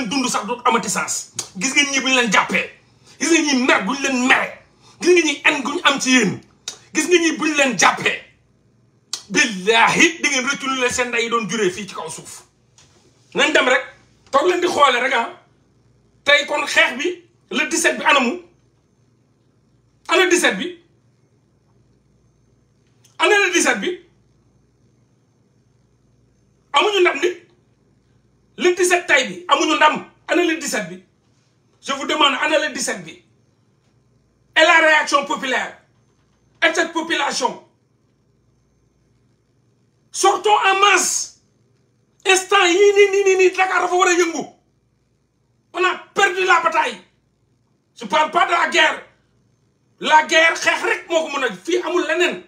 ngeen dund sax dootu amati sens gis ngeen ñi bu ñu leen jàppee gis ngeen ñi mer bu ñu leen mere gis ngeen ñi en guñ am ci yéen gis nga ñi bu ñu leen jàppee billaahi di ngeen rëccu lu leen seen ndey yi doon juree fii ci kaw suuf. nañ dem rek toog leen di xoole rek ah tey kon xeex bi le 17 bi anamu ana 17 bi ana le 17 bi amuñu ndam ni le 17. bi amuñu ndam ana le 17 bi je vous demande ana le 17 bi et la réaction populaire et cette population sortons en masse instant yii nii nii nii nii Dakar dafa war a yëngu on a perdu la bataille je parle pas de la guerre la guerre xeex rek moo ko mën a fii amul leneen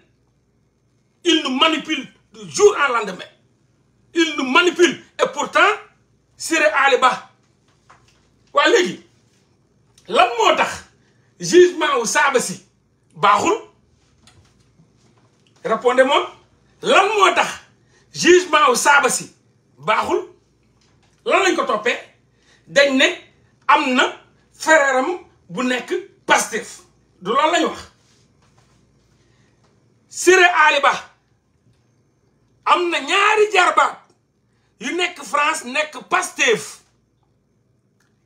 il nous manipule du jour au lendemain il nous manipule et pourtant Siré Ali Ba waa léegi lan tax jugement wu saaba si baaxul répondez-moi lan moo tax jugement wu saaba si baaxul lan lañ ko toppee dañ ne am na frère am bu nekk Pastef du loolu lañu wax Siré Ali Ba am na ñaari jarbaat yu nekk France nekk Pastef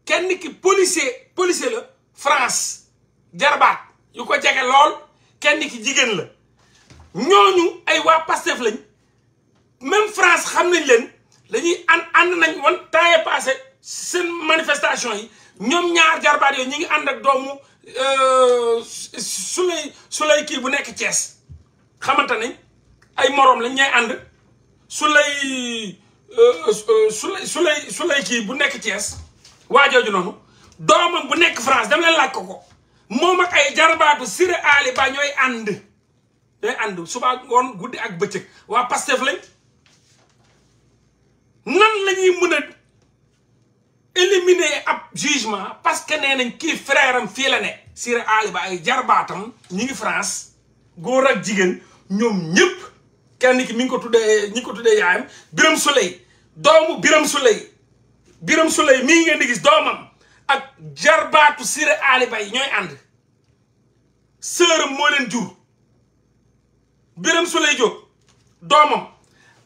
kenn ki policier policier la France jarbaat yu ko jege lool kenn ki jigéen la ñooñu ay waa Pastef lañ même France xam nañ leen dañuy ànd ànd nañ wan temps passé seen manifestation yi ñoom ñaar jarbaat yooyu ñu ngi ànd ak doomu euh, su lay su lay kii bu nekk Thiès xamante nañ ay moroom lañ ñay ànd su lay Euh, su euh, su lay su lay kii bu nekk Thiès waa jooju noonu doomam bu nekk France dama leen laaj ko ko moom ak ay jarbaatu Siré Ali Ba ñooy ànd ñooy ànd suba ngoon guddi ak bëccëg waa Pastef lañ nan la ñuy mën ab jugement parce que nee nañ kii frère am fii la ne Siré Ali Ba ay jarbaatam ñi ngi France góor ak jigéen ñoom ñëpp kenn ki mi ko tuddee ñi ko tuddee yaayam Birame Souleye doomu Biram Souley Biram Souley mii ngeen di gis doomam ak jarbaatu Siré Ali Bay ñooy ànd sëram mooleen leen jur Biram Souley Diop doomam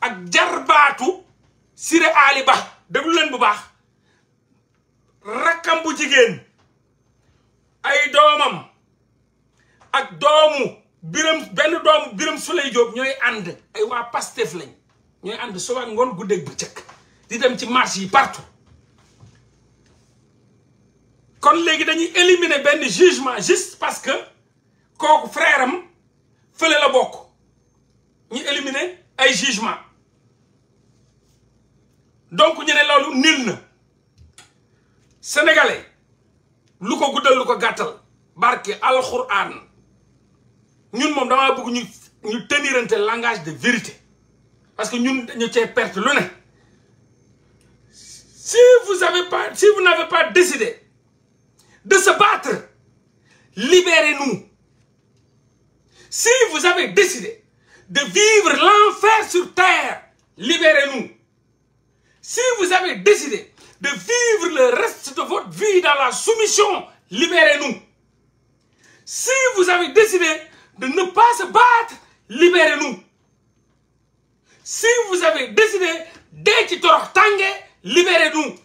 ak jarbaatu Siré Ali Ba déglu leen bu baax rakkam bu jigéen ay doomam ak doomu Biram benn doomu Biram Souley Diop ñooy ànd ay waa Pastef lañ ñooy ànd suba ngoon guddeeg bëccëg di dem ci marché yi partout kon léegi dañuy éliminer benn jugement juste parce que kooku frère am fële la bokk ñu éliminer ay jugement donc ñu ne loolu nil na sénégalais lu ko guddal lu ko gàttal barke alxuraan ñun moom damaa bëgg ñu ñu tenirante langage de vérité parce que ñun dañu cee perte lu ne si vous avez pas n'avez pas décidé de se battre libérez-nous si vous avez décidé de vivre l'enfer sur terre libérez-nous si vous avez décidé de vivre le reste de votre vie dans la soumission libérez-nous si vous avez décidé de ne pas se battre libérez-nous si vous avez décidé dee ci torox tànge libere nous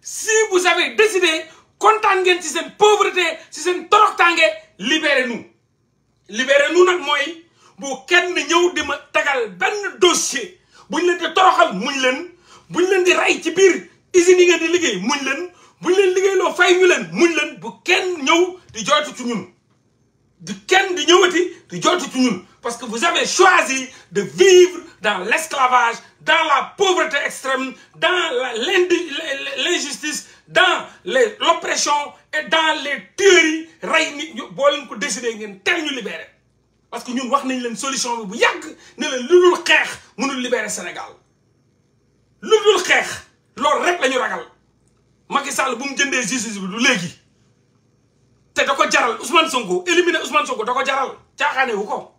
si vous avez décidé kontaan ngeen ci seen pauvreté ci seen torox tànge libérez-nous libérez-nous nag mooy bu kenn ñëw di ma tegal benn dossier buñ leen di toroxal muñ leen buñ leen di rey ci biir usines yi ngeen di liggéey muñ leen buñ leen liggéey loo fay ñu leen muñ leen bu kenn ñëw di jooytu ci ñun di jooytu ci ñun parce que vous avez choisi de vivre dans l'esclavage dans la pauvreté extrême dans l'injustice dans les l'oppression et dans les tueries rey nit ñu boo leen ko décidé ngeen teel ñu libérer parce que ñun wax nañ leen solution bi bu yàgg ne leen lu dul xeex mënul libérer Sénégal lu dul xeex loolu rek lañu ñu ragal Macky bu mu jëndee justice bi du léegi te da ko jaral Ousmane Sonko éliminer Ousmane Sonko da ko jaral caaxaanewu ko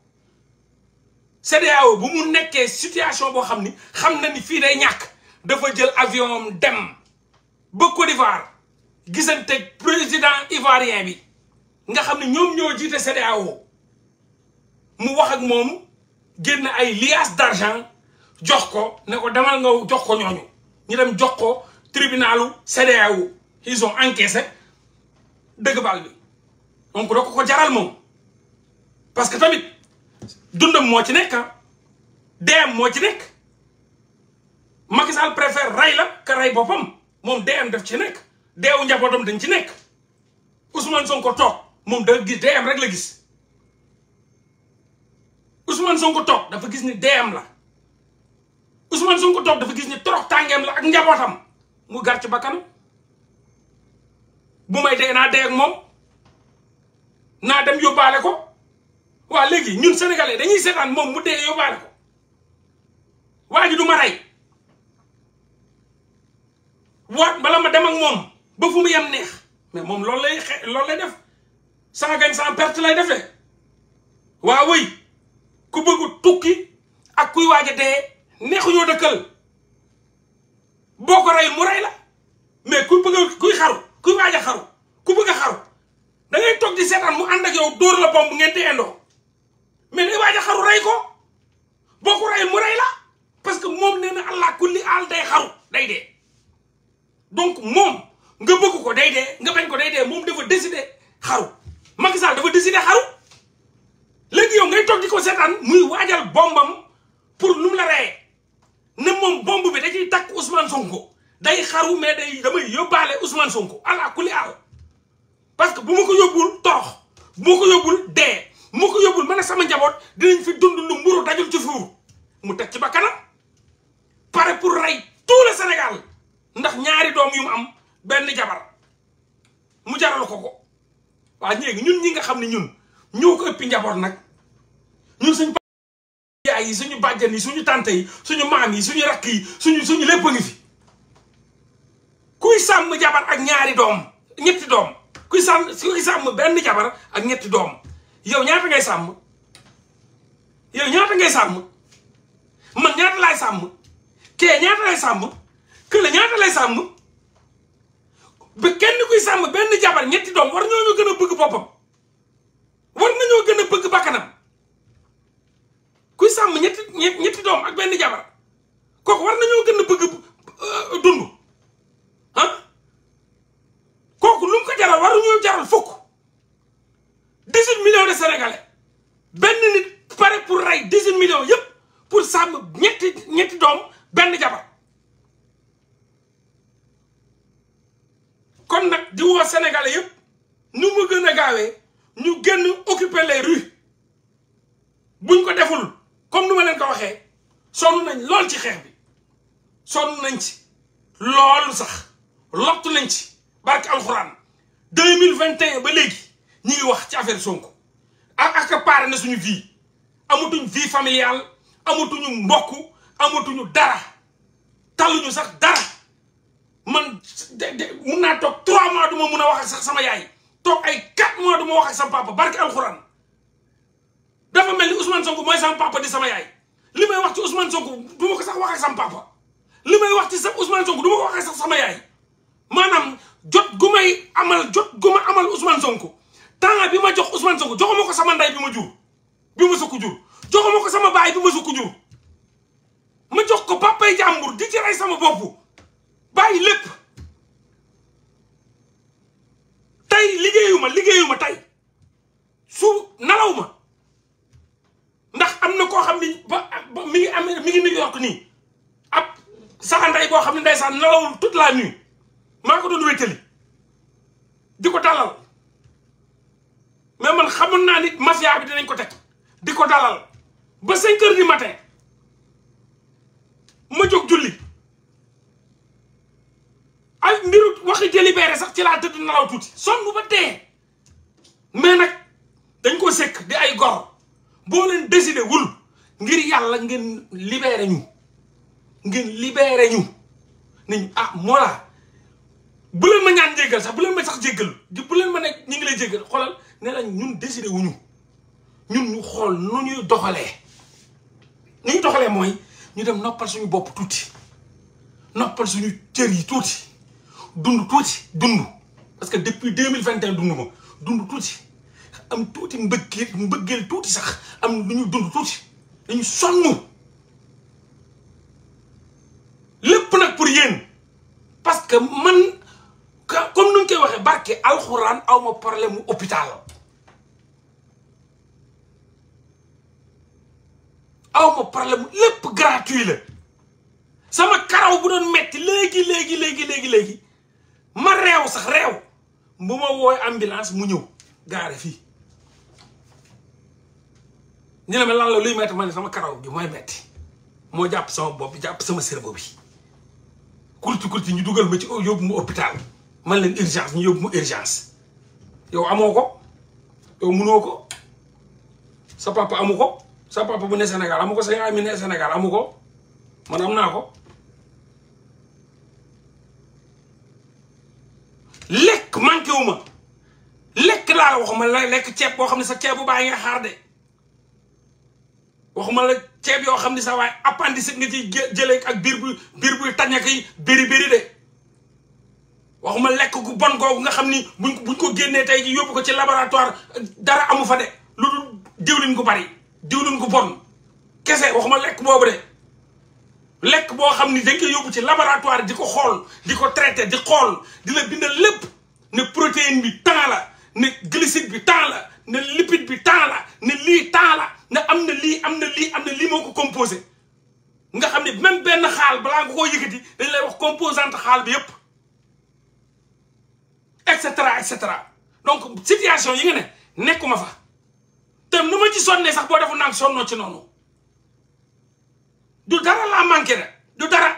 CEDEAO bu mu nekkee situation boo xam ni xam na ni fii day ñàkk dafa jël avion am dem ba Côte d'Ivoire gisante président ivoirien bi nga xam ne ñoom ñoo jiite CEDEAO mu wax ak moom génn ay liasses d'argent jox ko ne ko demal nga jox ko ñooñu ñu dem jox ko tribunalu CEDEAO ils ont encaissé dëgg baal bi donc da ko ko jaral moom parce que tamit dundam moo ci nekk ah deem moo ci nekk Macky Sall préfère rey la ka rey boppam moom deem def ci nekk deewu njabootam dañ ci nekk Ousmane Sonko toog moom da gis deem rek la gis Ousmane Sonko toog dafa gis ni deem la Ousmane Sonko toog dafa gis ni torox tàngeem la ak njabootam mu gar ci bakkanam bu may dee naa dee ak moom naa dem yóbbaale ko. waa léegi ñun sénégalais dañuy seetaan moom mu dee yóbbaale waa ji du ma rey waat bala ma dem ak moom ba fu mu yem neex mais moom loolu lay xe loolu lay def sans gagne sans perte lay defee waa wëy ku bëgg tukki ak kuy waaj a dee neexuñoo dëkkal boo ko rey mu rey la mais ku bëgg kuy xaru kuy waaj a xaru ku bëgg a xaru da ngay toog di seetaan mu ànd ak yow dóor la bomb ngeen di indoo mais day waaj a xaru rey ko boo ko rey mu rey la parce que moom nee na allah kulli aal day xaru day dee donc moom nga bëgg ko day dee nga bañ ko day dee moom dafa décider xaru Macky Sall dafa décider xaru léegi yow ngay toog di ko seetaan muy waajal bombam pour nu mu la reyee ne moom bomb bi da ciy takk Ousmane Sonko day xaru mais day damay yóbbaale Ousmane Sonko allah kulli aal parce que bu ma ko yóbbul torox bu ma ko yóbbul dee. moo ko yóbbul ma ne sama njaboot dinañ fi dund lu mburu dajul ci fuur mu teg ci ba kanam pare pour rey tout le Sénégal ndax ñaari doom yu mu am benn jabar mu jaralu ko ko waa ñéegi ñun ñi nga xam ne ñun ñoo ko ëppi njaboot nag ñun suñ yaay yi suñu bàjjan yi suñu tante yi suñu maam yi suñu rakk yi suñu suñu lépp a ngi fi kuy sàmm jabar ak ñaari doom ñetti doom kuy sàmm kuy sàmm benn jabar ak ñetti doom yow ñaata ngay sàmm yow ñaata ngay sàmm man ñaata laay sàmm kee ñaata lay sàmm kële ñaata lay sàmm ba kenn kuy sàmm benn jabar ñetti doom war ñooñu gën a bëgg boppam war nañoo gën a bëgg bakkanam kuy sàmm ñetti ñetti doom ak benn jabar kooku war nañoo gën a bëgg euh, dund sénégalais benn nit pare pour rey 18 millions yëpp pour sàmm ñetti ñetti doom benn jabar kon nag di woo sénégalais yëpp nu mu gën a gaawee ñu génn occuper les rues buñ ko deful comme nu ma leen ko waxee sonn nañ lool ci xeex bi sonn nañ ci loolu sax lottu nañ ci barke alxuraan 2021 ba léegi ñu ngi wax ci affaire Sonko ak accaparé na suñu vie amatuñ vie familiale amatuñu mbokk amatuñu dara taluñu sax dara man mun naa toog trois mois du ma mun a wax sax sama yaay toog ay quatre du ma wax ak sama papa barke dafa mel ni Ousmane Sonko mooy sama papa sama yaay li may wax ci Ousmane Sonko du ko sax wax ak sama papa li may wax ci sa Ousmane Sonko du ma ko wax ak sax sama yaay maanaam jot gu may amal jot gu ma amal Ousmane Sonko temps bi ma jox Ousmane Sonko joxuma ko sama nday bi ma jur bi ma sukk jur joxuma ko sama baay bi ma sukk jur ma jox ko papay jàmbur di ci rey sama bopp bàyyi lépp tey liggéeyu ma liggéeyu ma tey su nalaw ma ndax am na koo xam ni mi ngi am mi ngi York nii ab saxa ndey xam ne ndeysaan nalawul toute la nuit maa ko doon wéttali di ko dalal mais man xamoon naa ni mafia bi dinañ ko teg di ko dalal ba cinq heures du matin ma jóg julli ay mbiru waxi délibéré sax ci laa tëdd nalaw tuuti bu ba dee mais nag dañ ko sëkk di ay gor boo leen décidé wul ngir yàlla ngeen libéré ñu ngeen libéré ñu nañ ah moo laa bu leen ma ñaan jéggal sax bu leen ma sax jéggal bu leen ma nekk ñu ngi lay jéggal xoolal ne lañ ñun désiré wuñu ñun ñu xool nu ñuy doxalee nu ñuy doxalee mooy ñu dem noppal suñu bopp tuuti noppal suñu cër yi tuuti dund tuuti dund parce que depuis deux mille vingt et un dund ma dund tuuti am tuuti mbëggeel mbëggeel tuuti sax am lu ñu dund tuuti dañu sonn lépp nag pour yéen parce que man comme nu ñu koy waxee barke alxuraan awma problème mu hôpital awma problème lépp gratuit la sama karaw bu doon metti léegi léegi léegi léegi léegi ma réew sax réew bu ma wooy ambulance mu ñëw gaare fii ñu ne ma lan la luy metti ma ne sama karaw bi mooy metti moo jàpp sama bopp jàpp sama cerveau bi kulti kulti ñu dugal ma ci oh, yóbbu ma hôpital man leen urgence ñu yóbbu ma urgence yow amoo ko yow mënoo ko sa papa amu ko sa papa bu ne Sénégal amu ko sa yaay mi ne Sénégal amu ko man am naa ko lekk manqué wu ma lekk laa waxuma la lekk ceeb boo xam ne sa ceeb bu bàyyi nga xaar de waxuma la ceeb yoo xam ne sa waaye appendicite nga ciy jëlee ak biir bu biir buy tañak yi biri biri de waxuma lekk gu bon googu nga xam ni buñ buñ ko génnee tey ji yóbbu ko ci laboratoire dara amu fa de lu dul diwlin gu bari diwlin gu bon kese waxuma lekk boobu de lekk boo xam ni dañ koy yóbbu ci laboratoire di ko xool di ko traité di xool di la bindal lépp ne protéine bi temps la ne glycide bi temps la ne lipide bi temps la ne lii temps la ne am na lii am na lii am na lii moo ko composé nga xam ne même benn xaal balaa nga koo yëkkati dañ lay wax composante xaal bi yëpp et cetera et cetera donc situation yi nga ne ma fa te nu ma ci sonnee sax boo defu naan sonnoo ci noonu du dara laa manqué rek du dara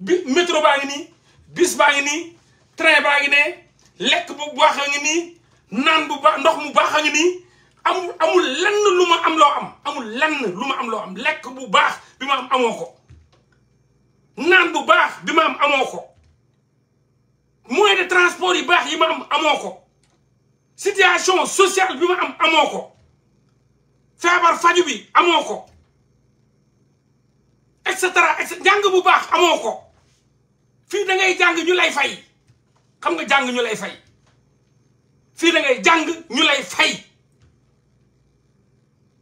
bi métro baa ngi nii bis baa ngi nii train baa ngi ne lekk bu baax a ngi nii naan bu baax ndox mu baax a ngi nii amul amul lenn lu ma am loo am amul lenn lu ma am loo am lekk bu baax bi ma am amoo ko naan bu baax bi ma am amoo ko moyen de transport yi baax yi ma am amoo ko situation sociale bi ma am amoo ko feebar faju bi amoo ko et cetera bu baax amoo ko fii da ngay jàng ñu lay fay xam nga jàng ñu lay fay fii da ngay jàng ñu lay fay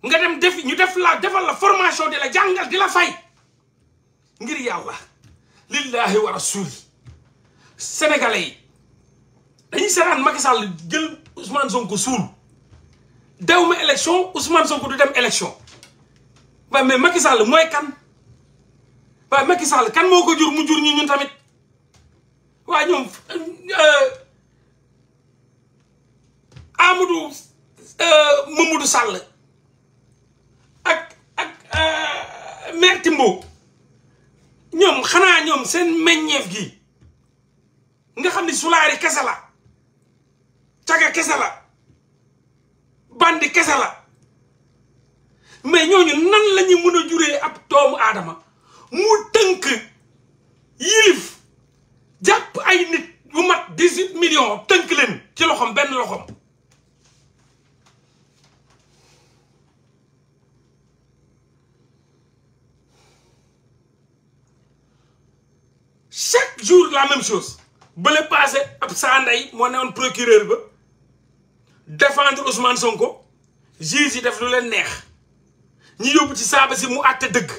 nga dem def ñu def la defal la formation di la jàngal di la fay ngir yàlla lillahi wa rasul sénégalais yi dañuy seetaan Macky Sall jël Ousmane Sonko suul dewuma élection Ousmane Sonko du dem élection waaye mais Macky sàll mooy kan waaye Macky Sall kan moo ko jur mu jur ñi ñun tamit waaye ñoom euh, Amadou euh, Mamadou Sall ak ak euh, maire Timbo ñoom xanaa ñoom seen meññeef gi nga xam ni sulaari kese la caga kese la bandi kese la mais ñooñu nan lañuy ñu mën a juree ab doomu aadama mu tënk yilif jàpp ay nit bu mat dix-huit millions tënk leen ci loxom benn loxom chaque jour la même chose bële passé ab saa ndey moo newoon procureur ba défendre Ousmane Sonko juge yi def lu leen neex ñu yóbbu ci saaba si mu àtte dëgg